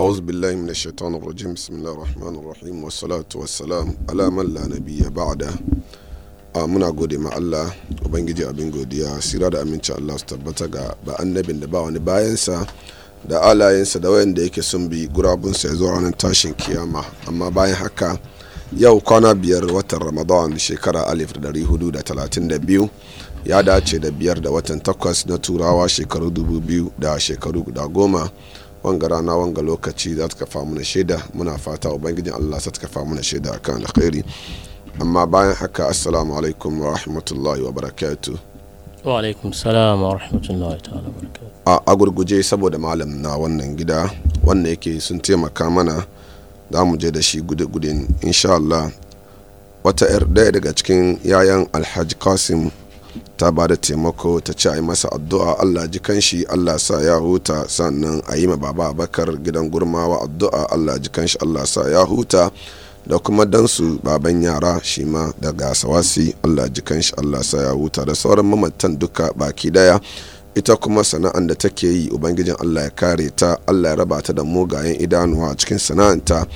أعوذ بالله من الشيطان الرجيم بسم الله الرحمن الرحيم والصلاة والسلام على من لا نبي بعده muna gode ma Allah ubangiji abin godiya sira da aminci Allah su tabbata ga ba annabin da ba wani bayansa da alayensa da wayanda yake sun bi gurabunsa ya zo ranar tashin kiyama amma bayan haka yau kwana biyar watan ramadan shekara alif da dari hudu da talatin da biyu ya dace da biyar da watan takwas na turawa shekaru dubu biyu da shekaru guda goma wanga rana wanga lokaci za ta kafa mana shaida muna fata ubangijin Allah za ta kafa mana shaida akan alkhairi amma bayan haka assalamu alaikum wa rahmatullahi wa barakatu wa alaikum salam wa rahmatullahi ta'ala barakatu a gurguje saboda malam na wannan gida wannan yake sun taimaka mana za mu je da shi gudu-gudun insha Allah wata ɗaya daga cikin yayan alhaji kasim ta ba da taimako ta ci a yi masa addu'a allah ji kanshi allah sa ya huta sannan a yi ma baba bakar gidan gurmawa addu'a allah ji kanshi allah sa ya huta da kuma dansu baban yara shi ma daga sawasi allah ji kanshi allah sa ya huta da sauran mamatan duka baki daya ita kuma sana'an da take yi ubangijin allah ya kare ta allah ya raba ta da mugayen idanuwa a cikin sana'anta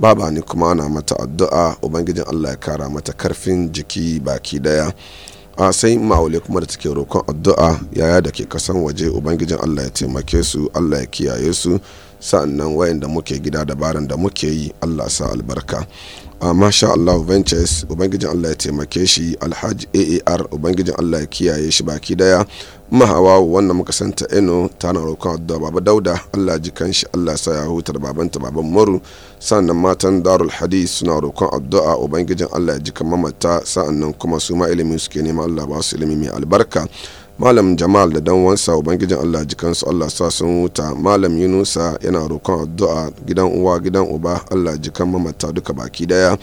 baba ni kuma ana mata addu'a ubangijin allah ya kara mata karfin jiki baki daya a sai ma'aule kuma da take roƙon addu'a yaya da ke kasan waje ubangijin allah ya taimake su allah ya kiyaye su sa'annan wayanda muke gida dabaran da muke yi allah sa albarka a ah, masha Allah ventures ubangijin Allah ya taimake shi alhaji aar ubangijin Allah ya kiyaye shi baki daya mahawa wannan muka santa eno tana roƙon da baba dauda Allah ji kan shi Allah sa ya huta babanta baban maru sannan matan darul hadis suna roƙon addu'a ubangijin Allah ya ji kan mamata sa'annan kuma su ma ilimi suke neman Allah ba su ilimi mai albarka malam jamal da dan wansa ubangijin allah jikansu allah sa sun wuta malam yunusa yana roƙon addu'a gidan uwa gidan uba allah jikan mamata duka baki daya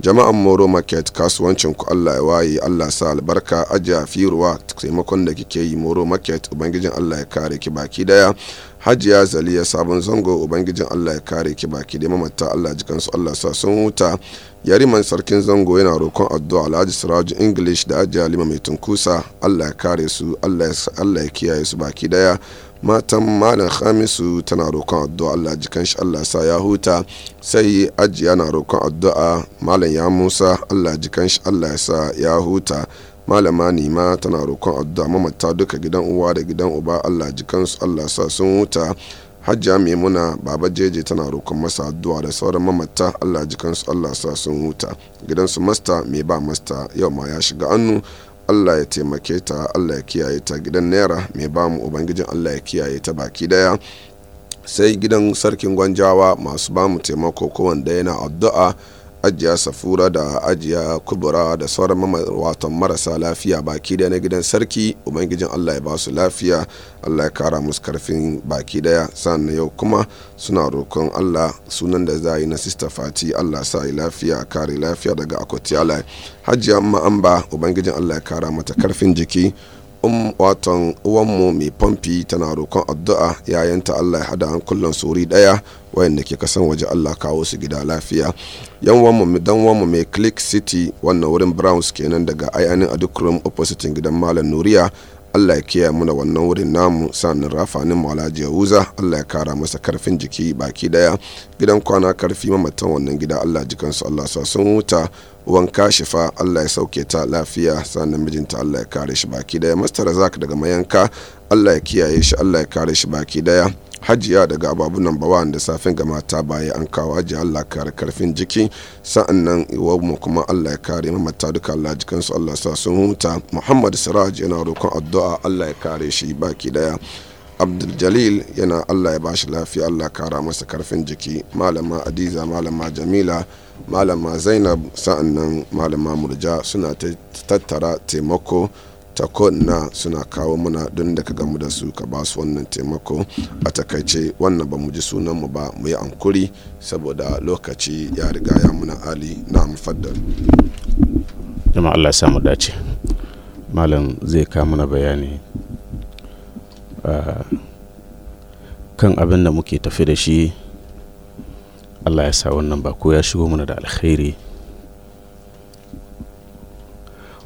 jama'an moro market kasuwancin ku allah ya waye allah sa albarka ajiya firuwa taimakon da kike yi moro market ubangijin allah ya kare ki baki daya hajiya zaliya sabon zango ubangijin allah ya kare ki baki da mamata allah kansu allah sa sun huta yariman sarkin zango yana roƙon addu'a alhaji siraju english da ajiya lima mai tunkusa allah ya kare su allah ya kiyaye su baki daya matan malam hamisu tana roƙon addu'a allah jikan shi allah sa ya huta sai ajiya na roƙon addu'a malam ya musa allah jikan shi allah ya sa ya huta malama nima tana roƙon addu'a mamata duka gidan uwa da gidan uba allah jikansu allah sa sun wuta hajja maimuna baba jeje tana roƙon masa addu'a da sauran mamata allah jikansu allah sa sun huta gidansu masta mai ba masta yau ma ya shiga annu allah ya taimake ta allah ya kiyaye ta gidan naira mai ba mu ubangijin allah ya kiyaye ta baki daya sai gidan sarkin gwanjawa masu ba mu taimako kowanne yana addu'a ajiya safura da ajiya kubura da sauran watan marasa lafiya baki daya na gidan sarki ubangijin allah ya ba su lafiya allah ya kara musu karfin baki daya sannan yau kuma suna rokon allah sunan da za yi na sista fati allah sa yi lafiya kare lafiya daga akwatiyala hajiya ba ubangijin allah ya kara mata karfin jiki um watan uwanmu mai famfi tana rokon addu'a yayanta Allah ya hada hankulan sori daya wayanda ke kasan waje Allah kawo su gida lafiya yan wanmu dan wanmu mai click city wannan wurin browns kenan daga ayanin a duk opposite gidan malam nuriya Allah ya kiyaye mu da wannan wurin namu sannan rafanin Malaji Yahuza Allah ya kara masa karfin jiki baki daya gidan kwana karfi mamatan wannan gida Allah jikansu Allah sa sun huta wanka shifa Allah ya sauke ta lafiya sannan mijinta Allah ya kare shi baki daya Mr. Razak daga mayanka Allah ya kiyaye shi Allah ya kare shi baki daya hajiya daga ababu nan bawa da safin ga mata baya an kawo hajiya Allah kare karfin jiki sa'an nan mu kuma Allah ya kare mamma ta duka Allah jikin su Allah sa sun huta Muhammad Siraj yana roƙon addu'a Allah ya kare shi baki daya Abdul Jalil yana Allah ya bashi lafiya Allah kara masa karfin jiki malama Adiza malama Jamila malama Zainab sa'an nan malama Murja suna tattara taimako ta na suna kawo muna don da ka gamu da su ka ba su wannan taimako a takaice wannan ba mu ji sunanmu ba mu yi ankuri saboda lokaci ya riga ya muna ali na mufaddal jama'a Allah ya mu dace malam zai ka mana bayani ah, kan abin da muke tafi da shi Allah ya sa wannan ba ko ya shigo mana da alkhairi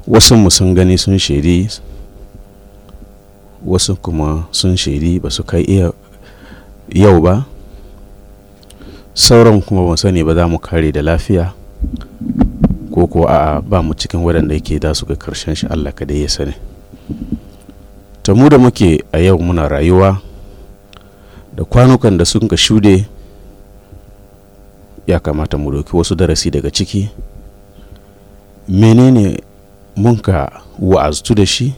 wasu mu sun gani sun shaidi wasu kuma sun shaidi ba su kai iya yau ba sauran kuma ba sani ba za mu kare da lafiya ko ko a ba mu cikin waɗanda yake da su ga karshen shi Allah dai ya sani ta mu da muke a yau muna rayuwa da kwanukan da sun ka shude ya kamata mu ɗauki wasu darasi daga ciki menene mun ka wa'aztu da shi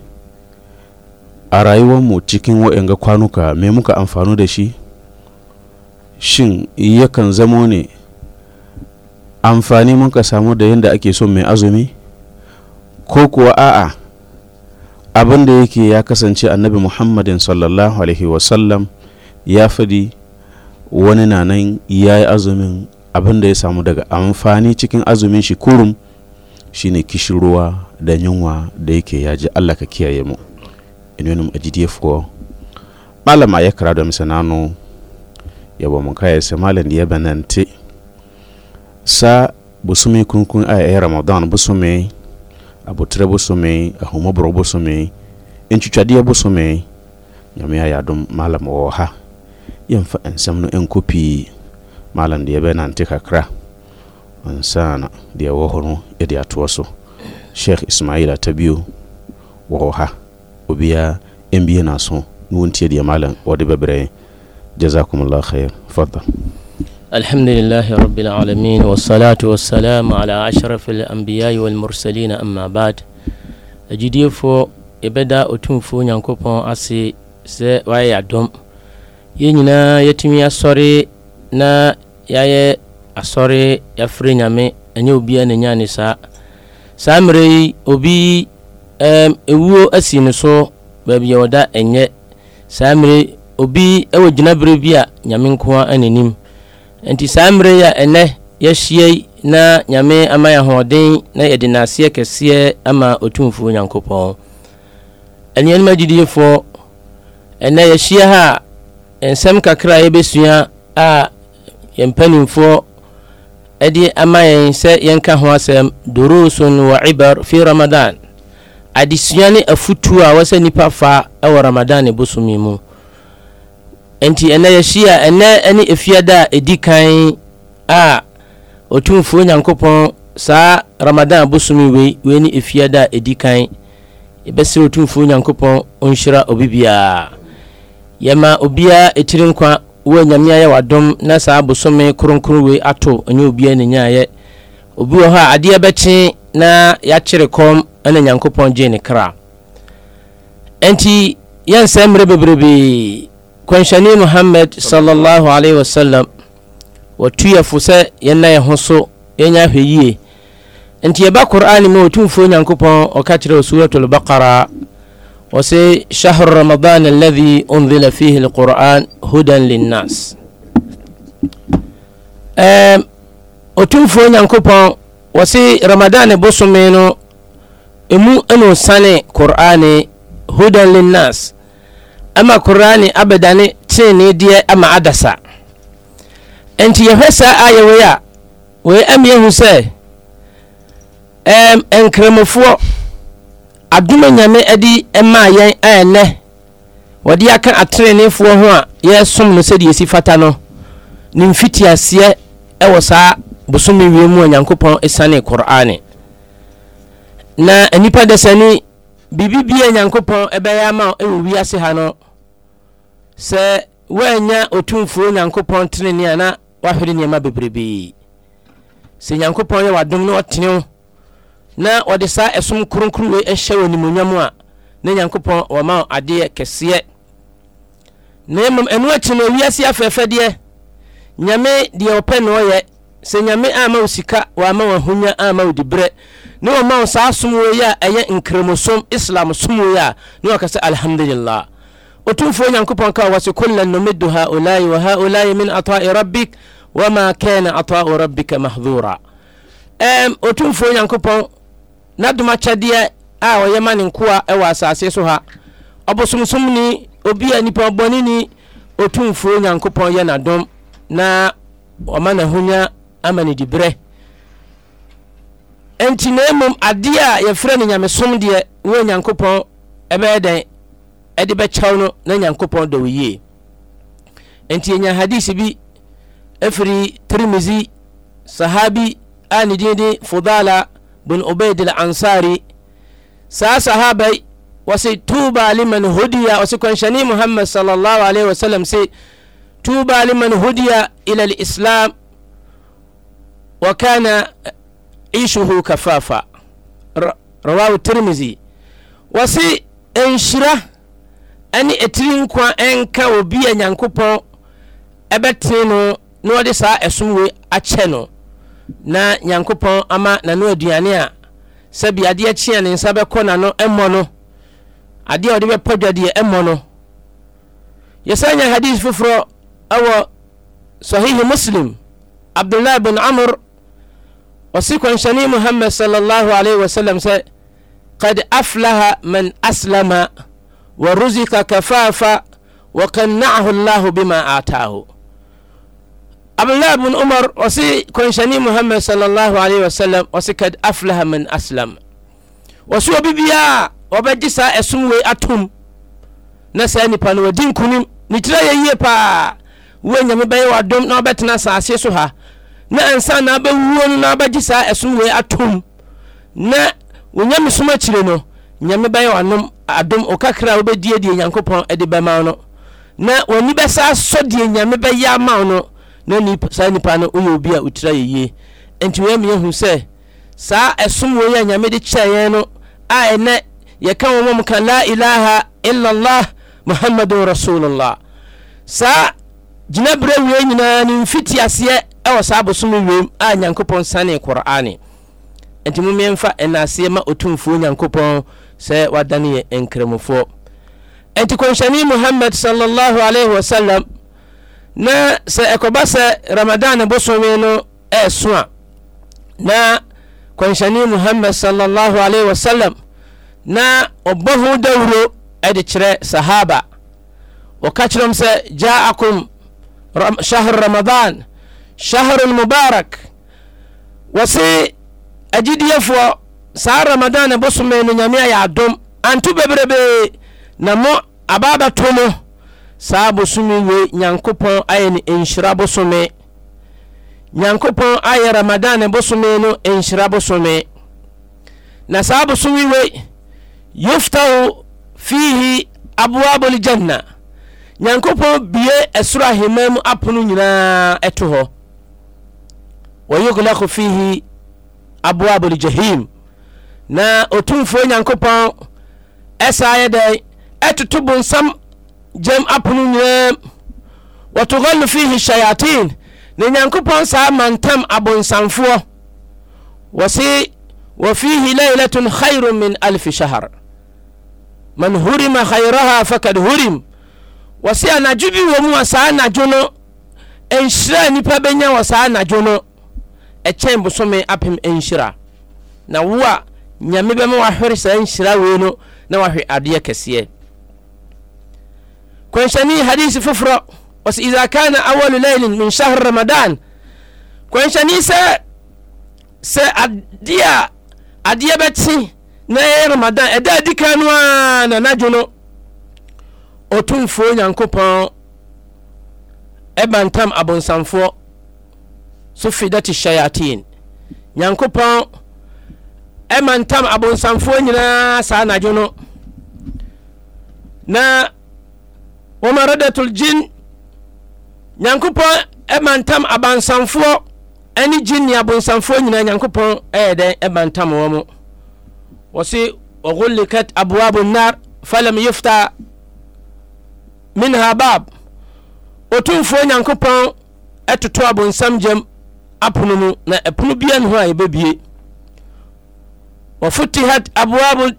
a rayuwar mu cikin waɗanga kwanuka me muka amfanu da shi shin yakan zamo ne amfani mun ka samu da yadda ake son mai azumi ko kuwa a'a abin da yake ya kasance annabi muhammadin sallallahu alaihi wasallam ya fadi wani na ya yi azumin abin da ya samu daga amfani cikin azumin shi kurum shine kishirwa da yunwa da yake ya ji allah ka kiyaye mu a ajidiye fo malama ya kara da sɛ n'ano yɛbɔ mo nkaeɛ sɛ malam deɛ bɛ nante saa kunkun a ɛyɛ ramadan bosome abotrɛ bosome in bosome ntwitwadeɛ bosome nyame a yadu malam wɔ ha yɛmfa nsɛm no ɛnkɔ pii malam deɛ bɛnante kakra ansana deɛ ɛwɔ hɔ no yɛde tuwa so sheikh ismail atabiu biyu wa ha obiya yan biyu na son nuwuntiyar ya malam wadda babirayen jazakumullah khair fadda الحمد لله رب العالمين والصلاة والسلام على أشرف الأنبياء والمرسلين أما بعد أجدي فو إبدا أتم فو نyanko pon ase se waye adom ye nyinaa yɛtumi asɔre na yɛayɛ asɔre yɛafrɛ nyame ɛnyɛ obia saa mmerɛ yi obi ewuo asi ne so baabi a ɔda ɛnyɛ saa mmerɛ obi ɛwɔ gyinabere bi a nyame nkoa ananim nti saa mmerɛ yi a ɛnɛ yɛahyia yi na nyame ama yɛ na yɛde naaseɛ kɛseɛ ama otumfuo nyankopɔn anuanom agyidiefoɔ ɛnɛ yɛahyia ha nsɛm kakra a yɛbɛsua a yɛmpanimfoɔ ɛde ama yɛn sɛ yɛnka ho asɛm durusun wa ibar fi ramadan adesua ne afutuo a wɔsɛ nipa fa ɛwɔ e ramadan bosomi mu nti ɛnɛ yɛhyia ɛnɛ ɛne efiada a ɛdi kan a otumfuo nyankopɔn saa ramadan bosomi wei wei ne efiada a ɛdi kan yɛbɛsrɛ otumfuo nyankopɔn ɔnhyira obi biara yɛma obiara etiri nkwa wo nyame ayɛ wadom na saa bosome kronkron wei ato ɛnyɛ obia ne nyaayɛ obi wɔ hɔ a adeɛ bɛkye na yɛakyere kɔm ɛna nyankopɔn gye ne kra ɛnti yɛnsɛ mmerɛ bebrebee kwanhyɛne muhammad sallallahu alaihi wasallam watu yɛfo sɛ yɛnna yɛ ho so yɛnya hwɛ yie nti yɛba qur'ane mu ɔtumfuo nyankopɔn ɔka kyerɛ wɔ suratul baqara وسي شهر رمضان الذي أنزل فيه القرآن هدى للناس ɔtumfoɔ nyankopɔn wɔse ramadan bosome no ɛmu ɛna sane qur'ane hudan linnas ama qur'ane abɛdane tenee deɛ ama adasa ɛnti yɛhwɛ saa ayɛ wei a wei ama yɛhu sɛ ɛnkramofoɔ adome nyame de maa yɛn a ɛnɛ wɔde aka atenenefoɔ ho a yɛsom no sɛdeɛ ɛsi fata no ne mfitiaseɛ ɛwɔ saa bosome wie mu a nyankopɔn ɛsane kor'ane na nnipa dɛ sɛne biribibia nyankopɔn ɛbɛyɛ ama ɛwɔ wiase ha no sɛ woanya ɔtumfuo nyankopɔn tenene a na woahwere nneɛma bebrebee sɛ nyankopɔn yɛ w'adom na ɔtene na wɔde saa ɛsom kronkron wei ɛhyɛ wɔ nimonyam a ne nyankopɔn wɔma adeɛ kɛseɛ na mmom ɛno akyi no wiase afɛɛfɛdeɛ nyame deɛ ɔpɛ na ɔyɛ sɛ nyame ama wo sika wama wo ahonya ama wo diberɛ ne wɔma wo saa som wei a ɛyɛ nkremosom islam som wei a ne wɔka sɛ alhamdulillah ɔtumfoɔ nyankopɔn ka wɔse kullan numidu haulai wa haulai min atai rabbik wama kana atau rabbika mahdura ɔtumfoɔ nyankopɔn n'adomakyɛdeɛ a ɔyɛ ma ne nkoa ɛwɔ asase so ha ɔbosomsomni obi a nipa bɔneni ɔtumfuo nyankopɔn yɛ n'adom na ɔma n'ahonya ama ne diberɛ enti na mmom adeɛ a yɛfrɛ no nyamesom deɛ ne nyankopɔn ɛbɛyɛ dɛn ɛde bɛkyɛw no na nyankopɔn dɔ wo yie enti yɛnya hadise bi ɛfiri tirimizi sahabi a ne din de fudala bin ubaid al-ansari sa sahabai wasu tuba liman hudiya wasu kwanshani muhammad sallallahu alaihi wasallam sai tuba liman hudiya ilal islam wa kana ishuhu kafafa rawahu tirmizi wasi nhyira ne ɛtiri nkwa ɛnka obi a nyankopɔn ɛbɛtene no na wɔde saa ɛsom wei akyɛ no na nyankopɔn ama n'ano aduane a sɛbi adeɛ kyeɛ ne nsa bɛkɔ n'ano ɛmmɔ no adeɛ a ɔde bɛpɔ dwadeɛ ɛmmɔ no yɛsan nya hadis foforɔ ɛwɔ sahihi muslim abdullahi bin amr ɔsi kwanhyɛne muhammad sallallahu alaihi wasallam sɛ قد أفلح من أسلم ورزق كفافا وقنعه الله بما آتاه abdullahi bin umar ɔsi kɔnhyɛni muhammed sallallahu alaihi wa sallam ɔsi kad aflaha man aslam ɔsi obi biara ɔbɛgye saa ɛsom wei atom na saa nipa no wadi nkunim ne kyerɛ yɛ yie paa wo nyame bɛyɛ wadom na ɔbɛtena asase so ha na ansa na abɛwuo no na abɛgye saa ɛsom wei atom na onyame som akyire no nyame bɛyɛ wanom adom ɔkakra a wobɛdie nyankopɔn de bɛma no na w'ani bɛsa sɔ nyame bɛyɛ ama no na nipa saa nipa no oyɛ obi a otira yɛ yie nti wɔn mu yɛhu sɛ saa ɛsom wɔ yɛ nyame de kyerɛ yɛn no a ɛnɛ yɛka wɔn mu ka la ilaha illallah muhammadu rasulillah saa gyinabere wie nyinaa ne mfiti aseɛ ɛwɔ saa abosom wiem a nyankopɔn sane kor'ane nti mu mmeɛmfa ɛnaaseɛ ma otumfuo nyankopɔn sɛ wadane yɛ nkramofoɔ nti kɔnhyɛne muhammad sallallahu alaihi wasallam na sɛ ɛkɔba sɛ ramadan bosome no ɛɛso a na kwanhyɛne muhammad sallallahu alaihi wasallam na ɔbɔho dawuro ɛde kyerɛ sahaba wɔka kyerɛm sɛ jaakum shahr ramadan shahrun mubarak wɔse agyidiefoɔ saa ramadan bosome no nyame ayɛ adom anto bebrebee na mo ababɛto mo saa bosome wei nyankopɔn ayɛ no nhyira bosome nyankopɔn ayɛ ramadan bosome no nhyira bosome na saa bosome wei yuftahu fihi abwabul janna nyankopɔn bie ɛsoro ahemman mu apono nyinaa ɛto hɔ wayughlaqu fihi abwabul jahim na otumfuo nyankopɔn ɛsaa yɛ dɛn ɛtoto bonsam gyam apono nyinaa wɔtogɔlo fihi shayatin na nyankopɔn saa mantam abonsamfoɔ wɔ se wɔ fihi lailatun khairu min alfi shahar man hurima khairaha fakad hurim wɔ se anadwo bi wɔ mu wɔ saa anadwo no nhyira a nnipa bɛnya wɔ saa anadwo no ɛkyɛn bosome apem nhyira na wo a nyame bɛma wahwere saa nhyira wei no na wahwe adeɛ kɛseɛ kwenshani hadisi fufra wasi idha kana awalu lailin min shahri ramadan kwenshani se se adia adia beti na ye ramadan ɛda adi kanu no a na n'adwo no nyankopɔn ɛba ntam abonsamfoɔ so fidati shayatin nyankopɔn ɛma ntam abonsamfoɔ nyinaa saa n'adwo no na wa maradatul jin nyankopɔn ma ntam abansamfoɔ ne jin ne abonsamfoɔ nyinaa nyankopɔn ɛyɛ dɛn ma ntam wɔ mu wɔ se ɔgulikat abwabu nar falam yufta minha bab ɔtumfoɔ nyankopɔn ɛtoto abonsam gyam apono mu na ɛpono bia ne ho a yɛbɛbie wafutihat abwabu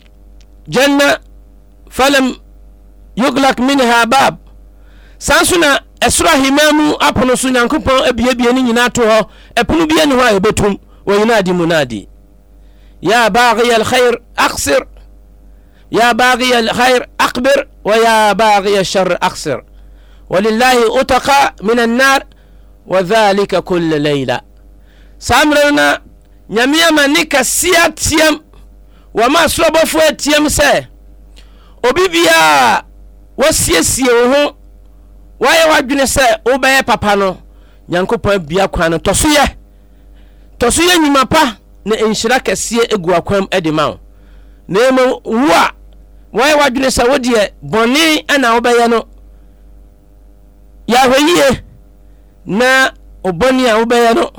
janna falam yuglak minha bab saa nso na ɛsoro ahemmaa mu apono so nyankopɔn abiebie no nyinaa to hɔ ɛpono bia ne hɔ a yɛbɛtum wɔyinaadi mu naadi ya bagiya alkhair aksir ya bagiya alkhair akbir wa ya bagiya alshar aksir ولله أتقى من النار وذلك كل ليلة سامرنا نيميا ما نيكا سيا تيم وما سوبفو تيم سي obi biara wɔsiesie wo ho wɔayɛ w'adwene sɛ wobɛyɛ papa no nyankopɔn bia kwan no tɔ so yɛ tɔ yɛ nnwuma pa na nhyira kɛseɛ egu akwam de ma wo na mmom wo a wɔyɛ w'adwene sɛ wodeɛ bɔne ɛna wobɛyɛ no yɛahwɛ yie na ɔbɔne a wobɛyɛ no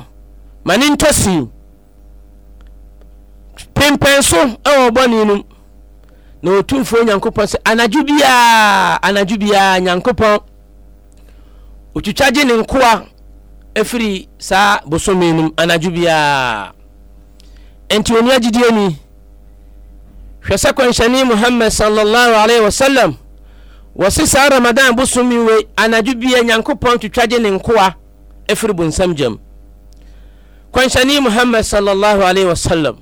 ma ne ntɔ sii pempɛn so ɛwɔ ɔbɔne no mu na otumfuo nyankopɔn sɛ anadwo biaa anadwo biaa nyankopɔn otwitwa gye ne nkoa ɛfiri saa bosome nom anadwo biaa enti oni agyidie ni hwɛ sɛ kwanhyɛne muhammad sallallahu alaihi wasallam wɔse saa ramadan bosome we anadwo bia nyankopɔn twitwa gye ne nkoa ɛfiri bonsam gyam kwanhyɛne muhammad sallallahu alaihi wasallam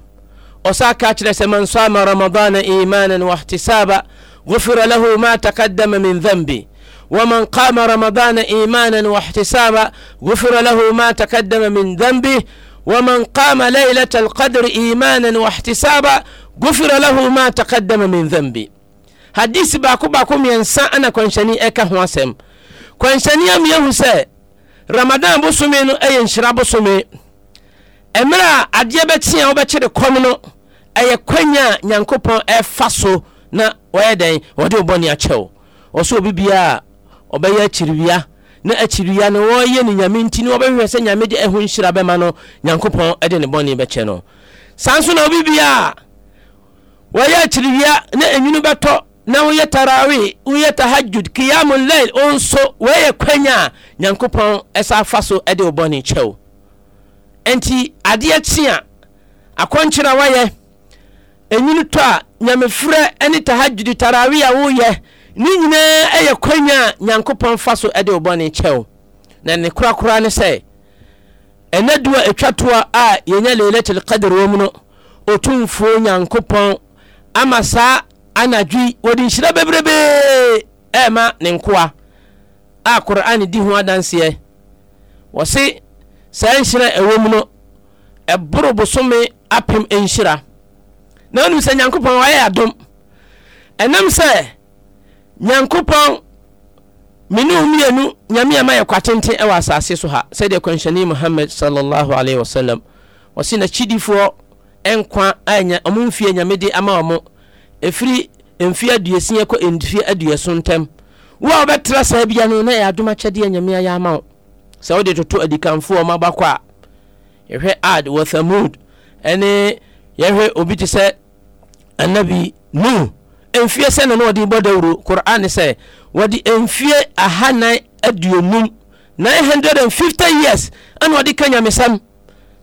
osaka acira sɛ man sama ramadana imanan wahtisaba غفر له ma تقدم min ذنبه ومن قام رمضان إيمانا واحتسابا غفر له ما تقدم من ذنبه ومن قام ليلة القدر إيمانا واحتسابا غفر له ما تقدم من ذنبه hadisi baako baako mmiɛnsa ana kwanhyɛne ɛka ho asɛm kwanhyɛne ammiahu sɛ ramadan bosome no ɛyɛ nhyira bosome ɛmerɛ a adeɛ bɛkye wobɛkyere kɔm ɛyɛ kwanya a nyankopɔn ɛfa so na ɔyɛ dɛn wɔde wobɔne akyɛwo wɔ so obi biaa ɔbɛyɛ akyiriwia na akyiriwia no wɔyɛ ne nyame nti no wɔbɛhwɛ sɛ nyame de ɛho nhyira bɛma no nyankopɔn ɛde ne bɔne bɛkyɛ no saa nso na obi biaa wɔyɛ akyiriwia na ɛnwunu bɛtɔ na woyɛ tarawe woyɛ tahajud kiyamu lail ɔnso wɔyɛ kwanya a nyankopɔn ɛsa fa so ɛde wo bɔne kyɛwo adeɛ kye a akɔnkyerɛ wayɛ ɛnyini tɔ a nyamefrɛ ne tahadwudi tarawe a woyɛ ne nyinaa ɛyɛ kwanya a nyankopɔn fa so de wo bɔne kyɛw na ne korakora ne sɛ ɛnɛ duwa ɛtwa toa a yɛnya lailatul qadr wɔ mu no ɔtumfuo nyankopɔn ama saa anadwi wɔde nhyira bebrebee ɛɛma ne nkoa a qur'an di ho adanseɛ wɔse saa nhyira ɛwɔ mu no ɛboro bosome apem nhyira na onim sɛ nyankopɔn wayɛ adom ɛnam sɛ nyankopɔn mene wo mmienu nyame ama yɛ kwatenten ɛwɔ asase so ha sɛdeɛ kwanhyɛne muhammad sallallahu alaihi wasallam ɔse n'akyidifoɔ ɛnkwa anya ɔmo mfie nyame de ama ɔmo ɛfiri mfie aduosia kɔ mfie aduoso ntam wo a wobɛtra saa bia no na yɛ adom akyɛdeɛ nyame ayɛ ama wo sɛ wode toto adikanfoɔ ɔmo abakɔ a yɛhwɛ ad wɔ thamud ɛne yɛhwɛ obi te sɛ annabi nuhu mfie sɛ ne no wɔde bɔ dawuro qur'an sɛ wɔde mfie ahanan aduonum 950 years ɛna wɔde ka nyamesɛm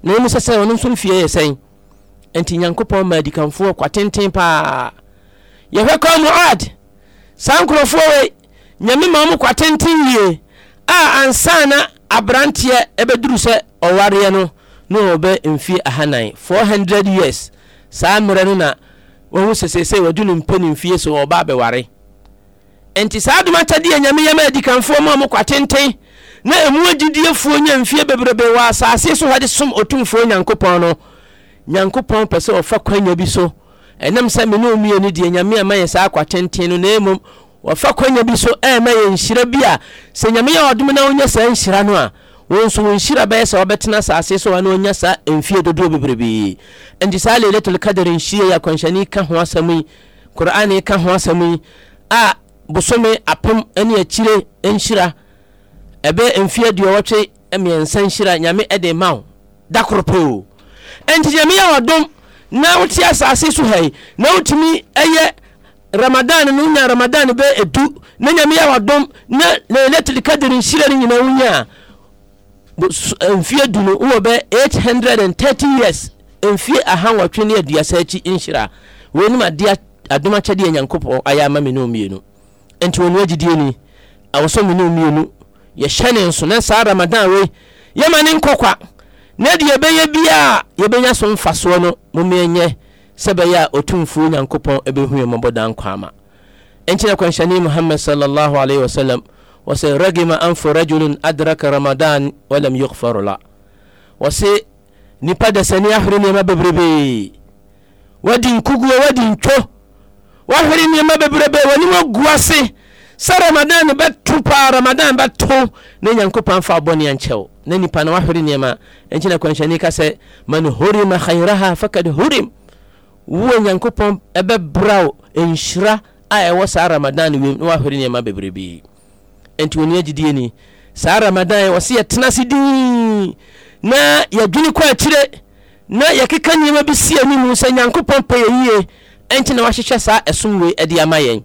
na ɛmu sɛ sɛ ɔno nso mfie yɛ sɛn ɛnti nyankopɔn ma adikanfoɔ kwatenten paa yɛhwɛ kɔ muad saa nkurɔfoɔ wei nyame ma mu kwatenten yie a ansa na aberanteɛ ɛbɛduru sɛ ɔwareɛ no na ɔbɛ mfie ahanan 400 years saa mmerɛ no na wɔn sɛsɛsɛ wɔdu ne mpɛ mfie so ɔba abɛware nti saa adoma tadeɛ nyame yɛma adikanfoɔ ma ɔmo kwatenten na ɛmu agyidiefoɔ nya mfie bebrebe wɔ asase so wɔde som ɔtumfoɔ nyankopɔn no nyankopɔn pɛ sɛ ɔfa kwanya bi so ɛnam sɛ me ne ɔmienu deɛ nyame ama yɛ saa kwatenten no na mmom wɔfa kwanya bi so ɛma eh, yɛ nhyira bi a sɛ nyame yɛ ɔdom na wonya saa nhyira no a wɔn nso wɔn nhyira bɛyɛ sɛ wɔbɛtena asase so wɔn anya saa mfie dodoɔ bebrebe nti saa leletul kadar nhyia yi akwanhyɛni ka ho asɛm yi kur'an e ka ho asɛm yi a bosome apem ne akyire nhyira ɛbɛ mfie aduɔwɔtwe mmiɛnsa nhyira nyame ɛde ma wo da koro pɛ nti nyame yɛ wɔdom na wote asase so ha yi na wotumi ɛyɛ ramadan no wonya ramadan bɛ edu na nyame yɛ wɔdom na leletul kadar nhyira no nyinaa wonya a mfie du no wowɔ bɛ 830 years mfie ahanwɔtwe ne aduasa akyi nhyira wɔnim adeɛ adom akyɛdeɛ nyankopɔn ayɛ ama me ne mmienu nti wɔn agyidie ni awɔsɔ me ne mmienu yɛhyɛ ne nso na saa ramadan wei yɛma ne nkɔkwa na deɛ yɛbɛyɛ bia a yɛbɛnya so mfasoɔ no momeɛnyɛ sɛ bɛyɛ a ɔtumfuo nyankopɔn ɛbɛhu yɛ mmɔbɔ nkwa ama ɛnkyerɛ kwanhyɛne muhammad sallallahu alaihi wasallam wase ragima anfu rajulin adraka ramadan walam yughfaru la wase nipa da sani ahwere nneɛma bebrebe wadi nkuguo wadi ntwo wahwere nneɛma bebrebe wani agu sa ramadan bɛto paa ramadan bɛto na nyankopɔn anfa aboni ankyɛw na nipa na wahwere nneɛma ɛnkyi na kwanhyɛne ka sɛ man horima khairaha fakad hurim uwe nyankopɔn ɛbɛbra ebe brao enshira ɛwɔ wasa ramadan wiem na wahwere nneɛma bebrebe enti wɔni agyidie ni saa ramadan wɔsi yɛtena ase dinn na yɛdwene kɔ akyire na yɛkeka nneɛma bi si anim sɛ nyankopɔn pɛ yɛn yie ɛnti na wahyehyɛ saa ɛsom wei ɛde ama yɛn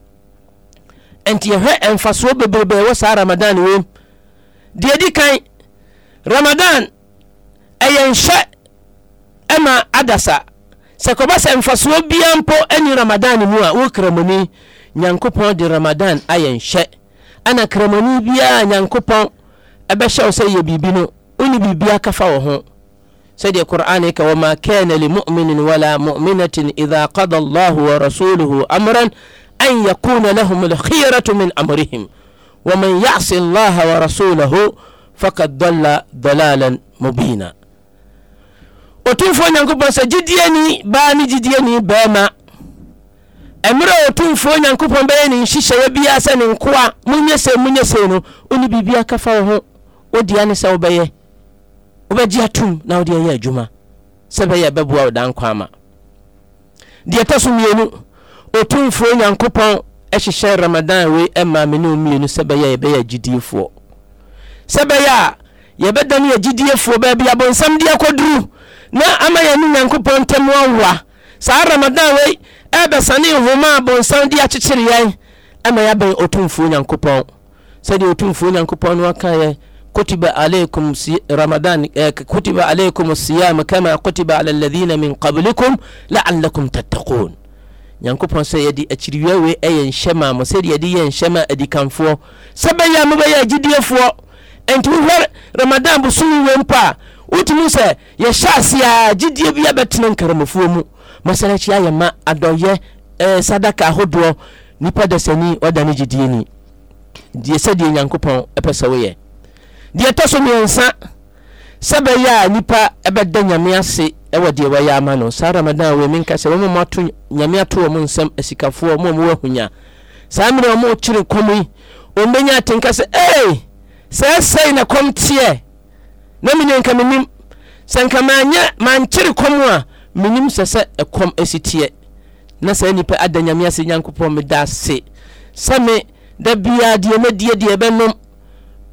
ɛnti yɛhwɛ ɛmfasoɔ bebrebe wɔ saa ramadan wom deɛ di kan ramadan ɛyɛ nhyɛ ɛma adasa sɛ kɔba sɛ mfasoɔ biara mpo ɛni ramadan mu a wɔkramoni nyankopɔn de ramadan ayɛ nhyɛ ɛna kramani biara nyankopɔn ɛbɛhyɛ wo sɛ yɛ biribi no wone biribia kafa wo ho sɛdeɛ qur'ane ka wama kana limuminin wala muminatin idha qada allahu wa rasuluhu amran an yakuna lahum alkhiyaratu min amrihim waman yasi allaha wa rasulahu fakad dalla dalalan mubina ɔtumfoɔ nyankopɔn sɛ gyidieni baa ne gyidieni bɛɛma mmerɛ a ɔtumfuo nyankopɔn bɛyɛ ne nhyehyɛeɛ biara sɛ ne nkoa munyɛ sei munyɛ sei no wone biribia ka fa wo ho wodia ne sɛ wobɛyɛ wobɛgye atom na wode ɛyɛ adwuma sɛ bɛyɛ bɛboa wo dankɔ ama deɛ ɛtɔ so mmienu ɔtumfuo nyankopɔn ɛhyehyɛ ramadan wei ɛma me ne mmienu sɛ bɛyɛ yɛbɛyɛ agyidiefoɔ sɛ bɛyɛ a yɛbɛda no agyidiefoɔ baabi abɔnsam deɛ akɔduru na ama yɛne nyankopɔn ntam awoa saa ramadan wei ɛbɛsane nhoma a bɔnsam de akyekyere yɛn ɛma yɛabɛn ɔtumfuo nyankopɔn sɛdeɛ ɔtumfuo nyankopɔn no aka yɛ كتب عليكم سي... رمضان kutiba عليكم الصيام كما كتب على الذين من قبلكم لعلكم تتقون nyankopɔn sɛ yɛde akyiriwia wei ɛyɛ nhyɛma mo sɛde yɛde yɛ nhyɛma adikanfoɔ sɛ bɛyɛ a mobɛyɛ agyidiefoɔ ɛnti wohwɛ ramadan bosom wei mpo a wotumi sɛ yɛhyɛ ase a gyidie bi abɛtena nkaramafoɔ mu mɔsɛrɛkyi ayɛ ma adɔyɛ ɛɛ sadaka ahodoɔ nipa dɛsɛni ɔda ne gyidie ni deɛ sɛdeɛ nyankopɔn ɛpɛ sɛ woyɛ deɛ ɛtɔ so mmiɛnsa sɛ a nipa ɛbɛda nyame ase ɛwɔ deɛ wɔyɛ ama no saa ramadan wɔ mi nka sɛ wɔn mu ato nyame ato wɔn nsam asikafoɔ wɔn mu wɔahunya saa mmerɛ wɔn kyerɛ kɔm yi wɔn bɛnya atenka sɛ ee sɛ ɛsɛn na kɔm teɛ na mi nka mi nim sɛ nka maa maa nkyerɛ kɔm a menim sɛ sɛ ɛkɔm asiteɛ na saa nnipa ada nyame ase nyankopɔn meda ase sɛ me da biaa deɛ mɛdie deɛ ɛbɛnom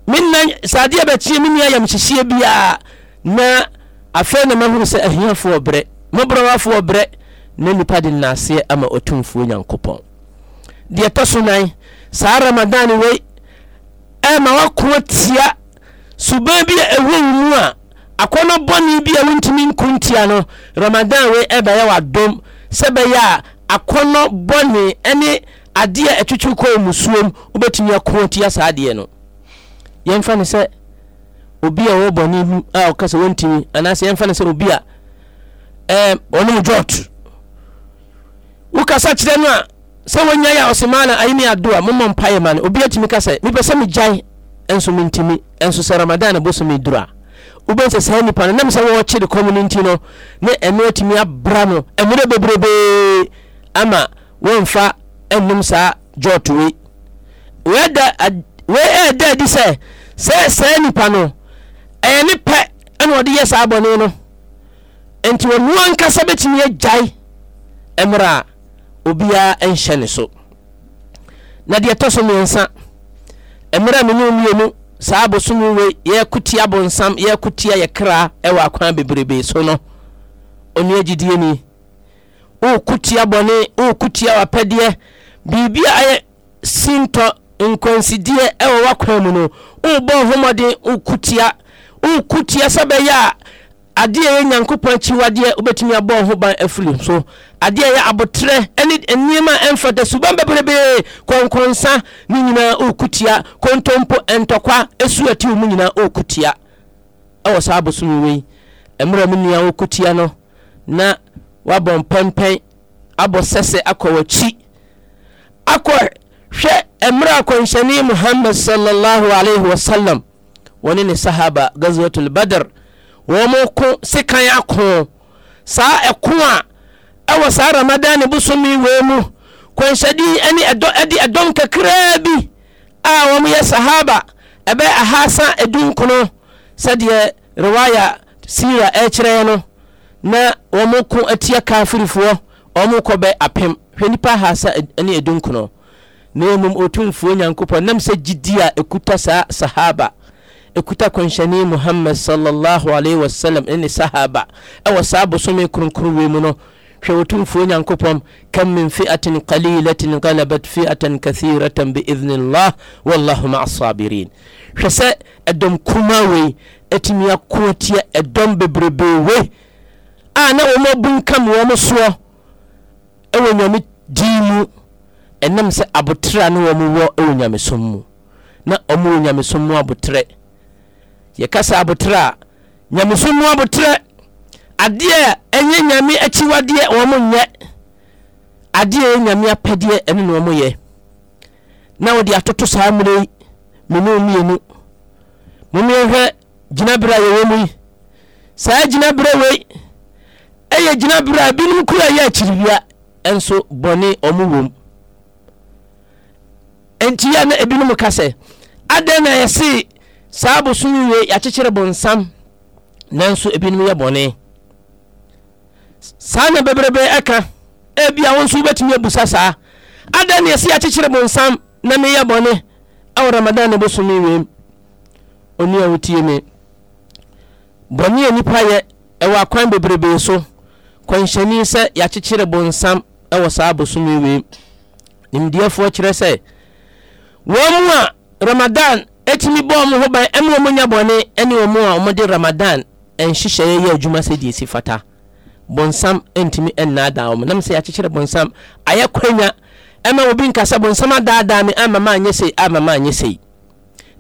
mena saa adeɛ bɛkyeɛ me nua yamhyehyeɛ biaa na afei na mahunu sɛ ahiafoɔ berɛ mɔborɔwafoɔ berɛ na nnipa de nnaseɛ ama ɔtumfuo nyankopɔn deɛ ɛtɔ so nan saa ramadan wei ɛma wakoro tia suban bi a ɛwɔ mu a akɔnɔ bɔne bi a wontumi nko ntia no ramadan wei ɛbɛyɛ wadom sɛ bɛyɛ a akɔnɔ bɔne ne adeɛ ɛtwitwi kɔɔ musuom wobɛtumi ako tia saa adeɛ no yɛmfa no sɛ obi a ɔwɔ bɔne mu a ɔka sɛ wɔntumi anaasɛ yɛmfa no sɛ obi a ɔnom jot wokasa kyerɛ no a sɛ wonya yɛ ɔsemaana ayemi adoa mommɔ mpayɛ ma no obi atumi ka sɛ mepɛ sɛ megyae ɛnso mentumi ɛnso sɛ ramadan na bosomi duru a wobɛsɛ saa nipa no nam sɛ wɔkyere kɔm no nti no ne ɛno atumi abra no ɛmmerɛ bebrebee ama wɔmfa ɛnom saa jɔt wei wei ɛda adi sɛ sɛ saa nipa no ɛyɛ ne pɛ ɛna ɔde yɛ saa bɔne no nti ɔno ankasa bɛtumi agyae mmerɛ a obiara nhyɛ ne so na deɛ ɛtɔ so mmiɛnsa mmerɛ a mene mmienu saa abosom wei yɛkotia bonsam yɛkotia yɛ kra ɛwɔ akwan bebrebe so no ɔnua gyidie ni wokotia bɔne wokotia wapɛdeɛ biribi a ayɛ sintɔ nkwansideɛ ɛwɔ w'akwan mu no wobɔ homɔden wokotia wokotia sɛ bɛyɛ a adeɛ yɛ nyankopɔn akyiwadeɛ wobɛtumi abɔ ho ban afiri so adeɛ yɛ abotrɛ ne nneɛma ɛmfata suban bebrebee kɔnkɔnsa ne nyinaa ɔkutia kontompo ntɔkwa ɛsu ati wo mu nyinaa ɔkutia ɛwɔ saa abosom wei mmerɛ mu nnua ɔkutia no na wabɔ mpɛmpɛn abɔ sɛsɛ akɔ w'akyi akɔ hwɛ mmerɛ akɔnhyɛne muhammad sallallahu alaihi wasallam wɔne ne sahaba gazwatul badr wɔn ko sekan ako saa ɛko a ɛwɔ saa ramadan bosomi wei mu kwanhyɛden ne ɛdɔ ɛde ɛdɔm kakraa bi a wɔn yɛ sahaba ɛbɛ ahasa edunkono sɛdeɛ rewaya siira ɛkyerɛ no na wɔn ko atia kafirifoɔ wɔn kɔ bɛ apem hwɛ nipa ahasa ne edunkono na emu otumfuo nyankopɔn nam sɛ gyidi a ekuta saa sahaba. ɛkuta kwanhyɛne muhammad sallallahu alaihi wasallam ne sahaba ɛwɔ saa bosome kronkronwe mu no hwɛ wɔtumfuo nyankopɔn kam min fi'atin qalilatin galabat fi'atan kathiratan biidhnillah wallahu maa sabirin hwɛ sɛ ɛdɔm kuruma wei atumi ako atia ɛdɔm bebrebee we a na wɔm abunkam wɔm soɔ ɛwɔ nyame dii mu ɛnam sɛ abotra ne wɔm wɔ ɛwɔ nyamesom mu na ɔmo wɔ nyamesom mu abotrɛ yɛkasa abotrɛ a nyamesom mu abotrɛ adeɛ a ɛnyɛ nyame akyiwadeɛ wɔn mo nyɛ adeɛ a ɛyɛ nyame apɛdeɛ ɛne na wɔn yɛ na wɔde atoto saa mmerɛ yi mmienu mmienu mmienu gyinabere a yɛwɔ mu yi saa gyinabere wei ɛyɛ gyinabere a binom kura yɛ akyiriwia nso bɔne ɔmo wɔ mu nti yɛ na ebinom ka sɛ na yɛsi saa bosom wie yɛakyekyere bonsam nanso ebinom yɛ bɔne saa na bebrebe ɛka ebia wɔn nso bɛtumi abusa saa adan na yɛsi yɛakyekyere bonsam na meyɛ bɔne ɛwɔ ramadan na bosom wie oni a wotie me bɔne a nipa yɛ ɛwɔ akwan bebrebe so kɔnhyɛni sɛ yɛakyekyere bonsam ɛwɔ saa bosom wie nimdeɛfoɔ kyerɛ sɛ wɔn a ramadan ɛtumi bɔ ɔmo ho ban ɛmu ɔmo nya bɔne ɛne ɔmo a ɔmo de ramadan nhyehyɛ yɛ adwuma sɛ deɛ si fata bɔnsam ntumi nnaadaa ɔmo nam sɛ yɛakyekyerɛ bɔnsam ayɛ kwanya ɛma obi nkasa bɔnsam adaadaa me ama ma anyɛ sei ama ma anyɛ sei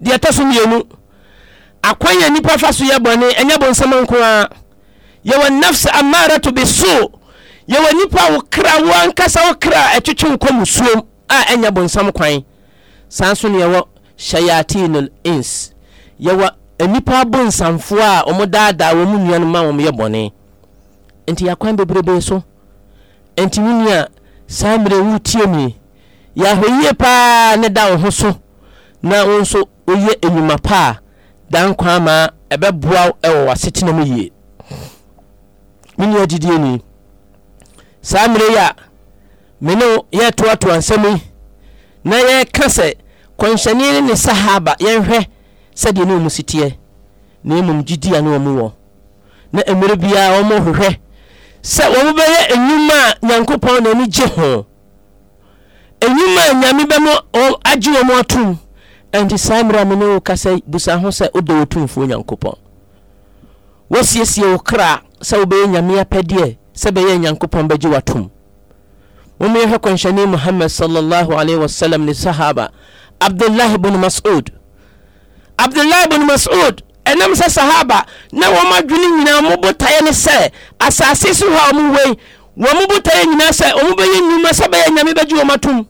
deɛ ɛtɔ so mmienu akwanya nipa fa so yɛ bɔne ɛnyɛ bɔnsam nkoa yɛwɔ nafs amara to be so yɛwɔ nipa a wokra wo ankasa wokra ɛtwetwe nkɔ musuom a ɛnyɛ bɔnsam kwan saa nso ne yɛwɔ shayatinul ins yawa nnipa abonsamfoɔ a wɔn daadaa wɔn nua no ma wɔn yɛ bɔne nti yakwan bebrebe so nti wo nua saa mmerɛ wo tie mu yɛahwɛ yie paa ne da wo ho so na wo nso woyɛ enyima paa da nkwa ama ɛbɛboa ɛwɔ w'asetena mu yie me nua didie ni saa mmerɛ yi a me ne yɛtoatoa nsɛm yi na yɛka sɛ kwanhyɛne ne ne sahaba yɛnhwɛ sɛdeɛ ne ɔmu siteɛ na mmom gyidi a ne ɔmu wɔ na mmerɛ biara wɔn hwehwɛ sɛ wɔn bɛyɛ enyuma a nyankopɔn na ani gye ho enyuma a nyame bɛma wɔn agye wɔn atum ɛnti saa mmerɛ a mo ne sɛ busa ho sɛ ɔda ɔtumfuo nyankopɔn wɔsiesie wo kra sɛ wobɛyɛ nyame apɛdeɛ sɛ bɛyɛ nyankopɔn bɛgye w'atom mommɛhwɛ kwanhyɛne muhammad sallallahu alaihi wasallam ne sahaba abdullahi bun mas'ud abdullahi bun mas'ud ɛnam sɛ sahaba na wɔn adwene nyinaa wɔn botaeɛ ne sɛ asase so hɔ a wɔn wei wɔn botaeɛ nyinaa sɛ wɔn bɛyɛ nnwuma sɛ bɛyɛ nyame bɛgye wɔn atom